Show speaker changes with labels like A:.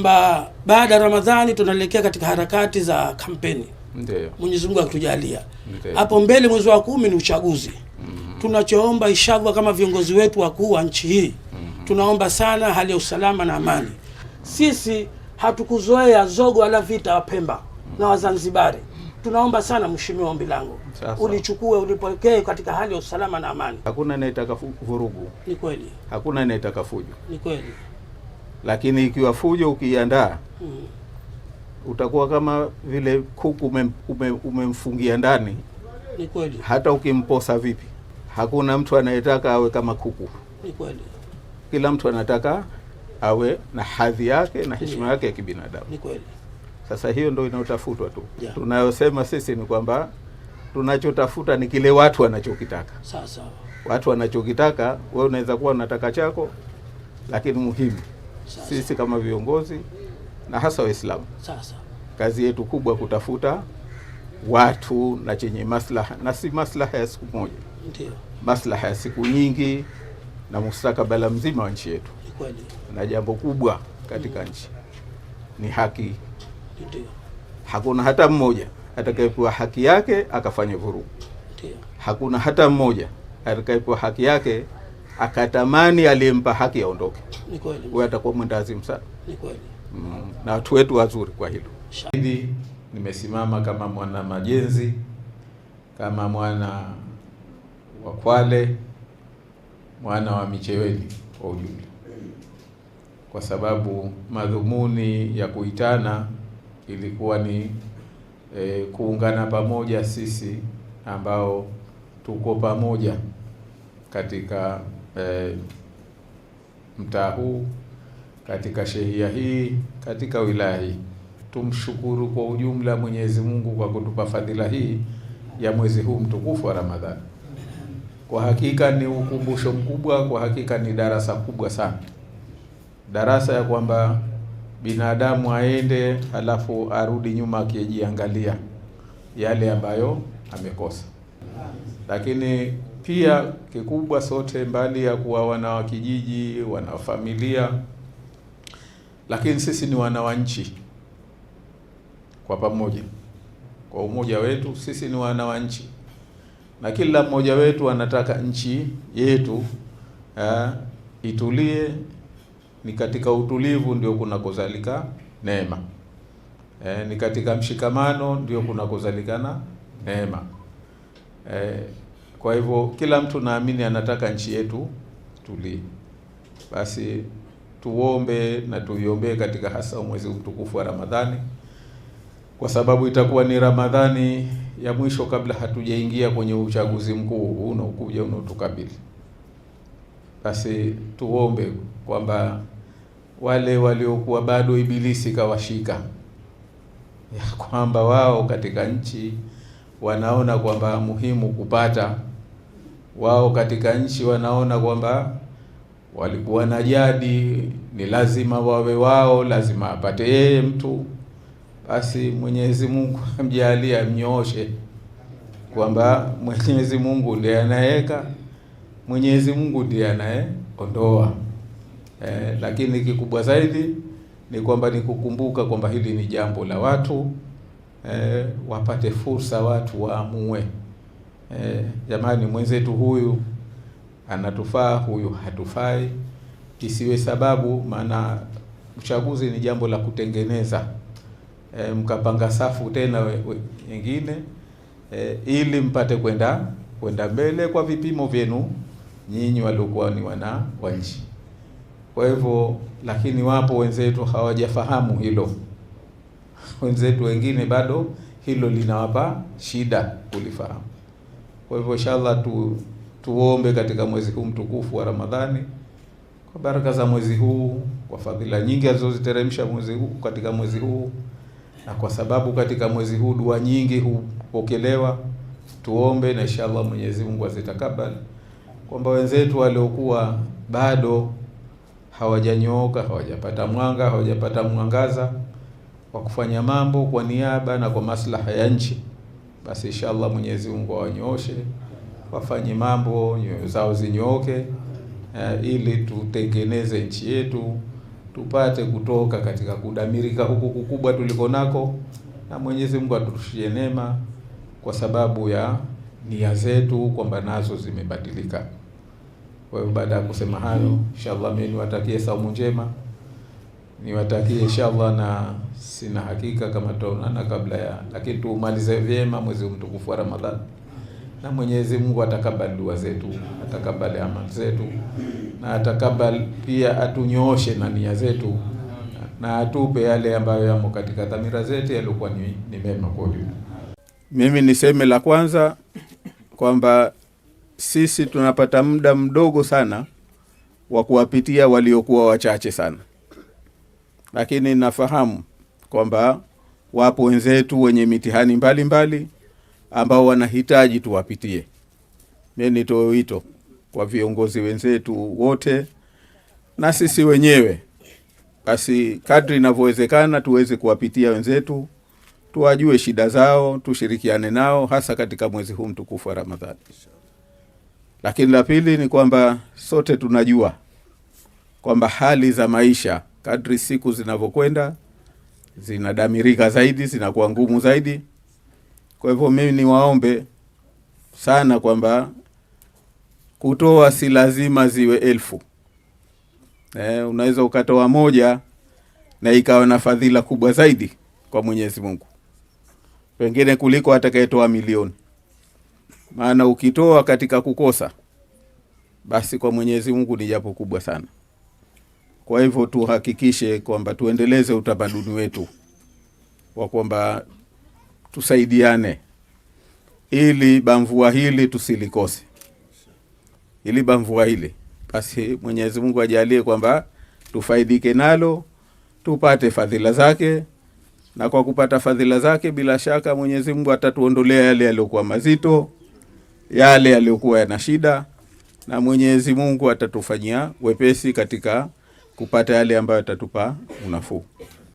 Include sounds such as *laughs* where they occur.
A: Mba, baada ya Ramadhani tunaelekea katika harakati za kampeni. Ndiyo. Mwenyezi Mungu akitujalia. Hapo mbele mwezi wa kumi ni uchaguzi. Mm -hmm. Tunachoomba ishagwa kama viongozi wetu wakuu wa nchi hii. Mm -hmm. Tunaomba sana hali ya usalama na amani. Sisi hatukuzoea zogo wala vita wa Pemba mm -hmm. na Wazanzibari. Tunaomba sana mheshimiwa, ombi langu ulichukue ulipokee katika hali ya usalama na amani.
B: Hakuna anayetaka vurugu. Ni kweli. Hakuna anayetaka fujo. Ni kweli lakini ikiwa fujo ukiandaa hmm. utakuwa kama vile kuku umemfungia ume, umemfungia ndani. Ni kweli, hata ukimposa vipi, hakuna mtu anayetaka awe kama kuku. Ni kweli, kila mtu anataka awe na hadhi yake na heshima yake ya kibinadamu. Ni kweli. Sasa hiyo ndio inayotafutwa tu,
A: yeah. Tunayosema sisi ni kwamba tunachotafuta ni kile watu wanachokitaka.
B: watu wanachokitaka, wewe unaweza kuwa unataka chako, lakini muhimu sisi kama viongozi na hasa Waislamu. Sasa kazi yetu kubwa kutafuta watu na chenye maslaha, na si maslaha ya siku moja, ndio maslaha ya siku nyingi na mustakabala mzima wa nchi yetu. Na jambo kubwa katika mm. nchi ni haki. Ndio. Hakuna hata mmoja atakayepewa haki yake akafanya vurugu. Ndio. Hakuna hata mmoja atakayepewa haki yake akatamani aliyempa haki aondoke, huyo atakuwa mwenda azimu sana. Mm, na watu wetu wazuri kwa hilo. Hivi nimesimama kama mwana Majenzi, kama mwana wa Kwale, mwana wa Micheweni kwa ujumla, kwa sababu madhumuni ya kuitana ilikuwa ni e, kuungana pamoja sisi ambao tuko pamoja katika e, mtaa huu katika shehia hii katika wilaya hii. Tumshukuru kwa ujumla Mwenyezi Mungu kwa kutupa fadhila hii ya mwezi huu mtukufu wa Ramadhani. Kwa hakika ni ukumbusho mkubwa, kwa hakika ni darasa kubwa sana, darasa ya kwamba binadamu aende halafu arudi nyuma akijiangalia yale ambayo amekosa, lakini pia mm. kikubwa sote, mbali ya kuwa wana wa kijiji, wana familia, lakini sisi ni wana wa nchi kwa pamoja, kwa umoja wetu sisi ni wana wa nchi, na kila mmoja wetu anataka nchi yetu eh, itulie. Ni katika utulivu ndio kunakozalika neema eh, ni katika mshikamano ndio kunakozalikana neema eh, kwa hivyo kila mtu naamini anataka nchi yetu tulie, basi tuombe na tuiombee katika hasa mwezi mtukufu wa Ramadhani, kwa sababu itakuwa ni Ramadhani ya mwisho kabla hatujaingia kwenye uchaguzi mkuu unaokuja unaotukabili. Basi tuombe kwamba wale waliokuwa bado ibilisi kawashika, ya kwamba wao katika nchi wanaona kwamba muhimu kupata wao katika nchi wanaona kwamba walikuwa na jadi, ni lazima wawe wao, lazima apate yeye mtu. Basi Mwenyezi Mungu *laughs* amjalie, amnyooshe kwamba Mwenyezi Mungu ndiye anayeweka, Mwenyezi Mungu ndiye anayeondoa. Eh, lakini kikubwa zaidi ni kwamba ni kukumbuka kwamba hili ni jambo la watu eh, wapate fursa watu waamue eh, jamani, mwenzetu huyu anatufaa, huyu hatufai, isiwe sababu. Maana uchaguzi ni jambo la kutengeneza e, mkapanga safu tena nyingine e, ili mpate kwenda kwenda mbele kwa vipimo vyenu nyinyi waliokuwa ni wana wa nchi. Kwa hivyo, lakini wapo wenzetu hawajafahamu hilo, wenzetu wengine bado hilo linawapa shida kulifahamu. Kwa hivyo inshallah tu tuombe katika mwezi huu mtukufu wa Ramadhani kwa baraka za mwezi huu, kwa fadhila nyingi alizoziteremsha mwezi huu katika mwezi huu, na kwa sababu katika mwezi huu dua nyingi hupokelewa, tuombe na inshallah Mwenyezi Mungu azitakabal kwamba wenzetu waliokuwa bado hawajanyooka, hawajapata mwanga, hawajapata mwangaza wa kufanya mambo kwa niaba na kwa maslaha ya nchi basi inshallah Mwenyezi Mungu awanyooshe, wafanye mambo nyoyo zao zinyooke, uh, eh, ili tutengeneze nchi yetu tupate kutoka katika kudamirika huku kukubwa tuliko nako, na Mwenyezi Mungu aturushilie neema kwa sababu ya nia zetu kwamba nazo zimebadilika. Kwa hiyo baada ya kusema hayo, inshallah mimi niwatakie saumu njema niwatakie inshallah, na sina hakika kama tutaonana kabla ya, lakini tuumalize vyema mwezi mtukufu wa Ramadhani na Mwenyezi Mungu atakabali dua zetu, atakabali amali zetu, na atakabali pia atunyooshe na nia zetu, na atupe yale ambayo yamo katika dhamira zetu yaliokuwa ni, ni mema kwa ujumla. Mimi niseme la kwanza kwamba sisi tunapata muda mdogo sana wa kuwapitia waliokuwa wachache sana lakini nafahamu kwamba wapo wenzetu wenye mitihani mbalimbali mbali, ambao wanahitaji tuwapitie. Mi nitoe wito kwa viongozi wenzetu wote na sisi wenyewe, basi kadri inavyowezekana tuweze kuwapitia wenzetu, tuwajue shida zao, tushirikiane nao, hasa katika mwezi huu mtukufu wa Ramadhani. Lakini la pili ni kwamba sote tunajua kwamba hali za maisha kadri siku zinavyokwenda zinadamirika zaidi, zinakuwa ngumu zaidi. Kwa hivyo mimi niwaombe sana kwamba kutoa si lazima ziwe elfu. Eh, unaweza ukatoa moja na ikawa na fadhila kubwa zaidi kwa Mwenyezi Mungu pengine kuliko atakayetoa milioni. Maana ukitoa katika kukosa, basi kwa Mwenyezi Mungu ni japo kubwa sana. Kwa hivyo tuhakikishe kwamba tuendeleze utamaduni wetu wa kwamba tusaidiane, ili bamvua hili tusilikose, ili bamvua hili basi, Mwenyezi Mungu ajalie kwamba tufaidike nalo, tupate fadhila zake, na kwa kupata fadhila zake, bila shaka Mwenyezi Mungu atatuondolea yale yaliyokuwa mazito, yale yaliyokuwa yana shida, na Mwenyezi Mungu atatufanyia wepesi katika kupata yale ambayo yatatupa unafuu.